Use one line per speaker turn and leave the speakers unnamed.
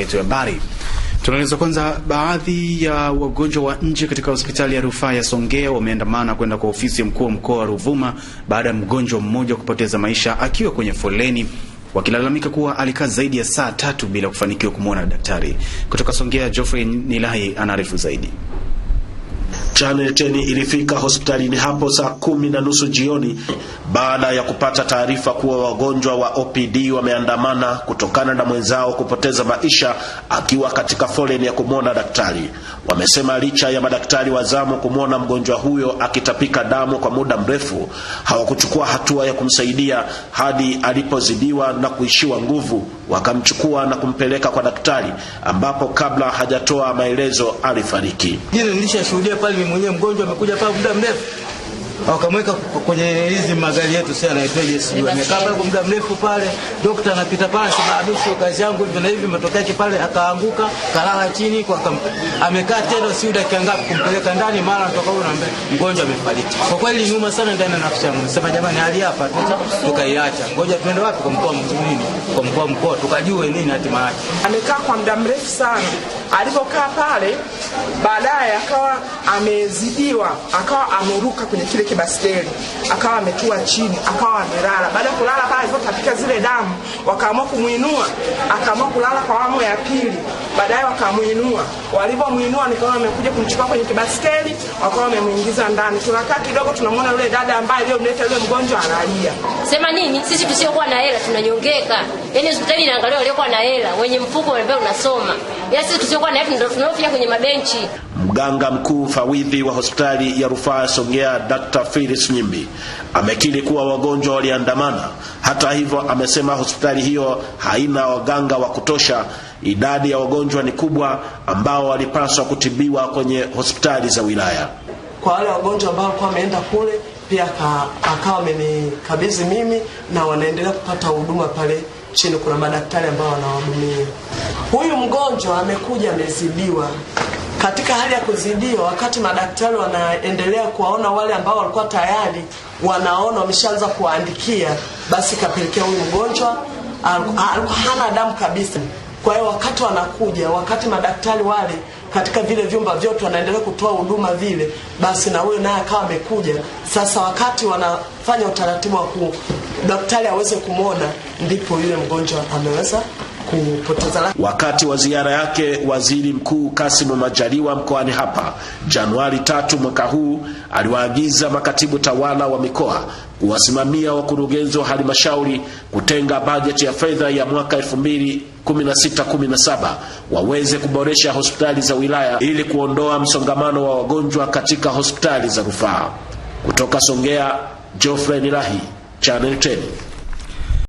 yetu ya habari. Tunaeleza kwanza, baadhi ya wagonjwa wa nje katika hospitali ya rufaa ya Songea wameandamana kwenda kwa ofisi ya mkuu wa mkoa wa Ruvuma baada ya mgonjwa mmoja kupoteza maisha akiwa kwenye foleni, wakilalamika kuwa alikaa zaidi ya saa tatu bila kufanikiwa kumwona daktari. Kutoka Songea, Geoffrey Nilai anaarifu zaidi.
Channel 10 ilifika hospitalini hapo saa kumi na nusu jioni baada ya kupata taarifa kuwa wagonjwa wa OPD wameandamana kutokana na mwenzao kupoteza maisha akiwa katika foleni ya kumwona daktari. Wamesema licha ya madaktari wa zamu kumwona mgonjwa huyo akitapika damu kwa muda mrefu, hawakuchukua hatua ya kumsaidia hadi alipozidiwa na kuishiwa nguvu, wakamchukua na kumpeleka kwa daktari ambapo kabla hajatoa maelezo alifariki
mwenyewe mgonjwa amekuja hapa muda mrefu wakamweka kwenye hizi magari yetu, sasa anaitwaje, sijui amekaa pale kwa muda mrefu pale. daktari anapita pale, sababu sio kazi yangu hivi na hivi, matokeo yake pale akaanguka, kalala chini kwa kam... amekaa tena, si dakika ngapi, kumpeleka ndani, mara anatoka huko, naambia mgonjwa amefariki. Kwa kweli nyuma sana ndani na nafsi yangu, sema jamani, hali hapa tukaiacha, ngoja tuende wapi, kwa mkoa mzuri, kwa mkoa mkoa, tukajue nini hatima yake.
Amekaa kwa muda mrefu sana, alipokaa pale, baadaye akawa amezidiwa, akawa ameruka kwenye kile basteli akawa ametua chini, akawa amelala. Baada ya kulala pale, alipotapika zile damu, wakaamua kumwinua, akaamua kulala kwa awamu ya pili baadaye wakamwinua. Walivyomwinua nikaona amekuja kumchukua kwenye kibaskeli, wakawa wamemwingiza ndani. Tunakaa kidogo, tunamwona yule dada ambaye aliyomleta yule mgonjwa analia.
Sema nini? Sisi tusiokuwa na hela tunanyongeka, Yani hospitali inaangalia waliokuwa na hela, wenye mfuko ambaye unasoma, ila yaani sisi tusiokuwa na hela ndio tunaofia kwenye mabenchi.
Mganga mkuu mfawidhi wa hospitali ya rufaa Songea, Dr. Phyllis Nyimbi amekiri kuwa wagonjwa waliandamana. Hata hivyo, amesema hospitali hiyo haina waganga wa kutosha Idadi ya wagonjwa ni kubwa ambao walipaswa kutibiwa kwenye hospitali za wilaya.
Kwa wale wagonjwa ambao walikuwa wameenda kule, pia akawa amenikabidhi mimi na wanaendelea kupata huduma pale chini. Kuna madaktari ambao wanawahudumia. Huyu mgonjwa amekuja amezidiwa katika hali ya kuzidiwa, wakati madaktari wanaendelea kuwaona wale ambao walikuwa tayari wanaona wameshaanza kuwaandikia, basi kapelekea huyu mgonjwa alikuwa hana damu kabisa. Kwa hiyo wakati wanakuja, wakati madaktari wale katika vile vyumba vyote wanaendelea kutoa huduma vile, basi na huyo naye akawa amekuja. Sasa wakati wanafanya utaratibu wa ku daktari aweze kumwona, ndipo yule mgonjwa ameweza kupoteza
Wakati wa ziara yake Waziri Mkuu kasimu Majaliwa mkoani hapa Januari tatu mwaka huu aliwaagiza makatibu tawala wa mikoa kuwasimamia wakurugenzi wa halmashauri kutenga bajeti ya fedha ya mwaka 2016/17 waweze kuboresha hospitali za wilaya ili kuondoa msongamano wa wagonjwa katika hospitali za rufaa. Kutoka Songea, Geoffrey Nilahi, Channel 10.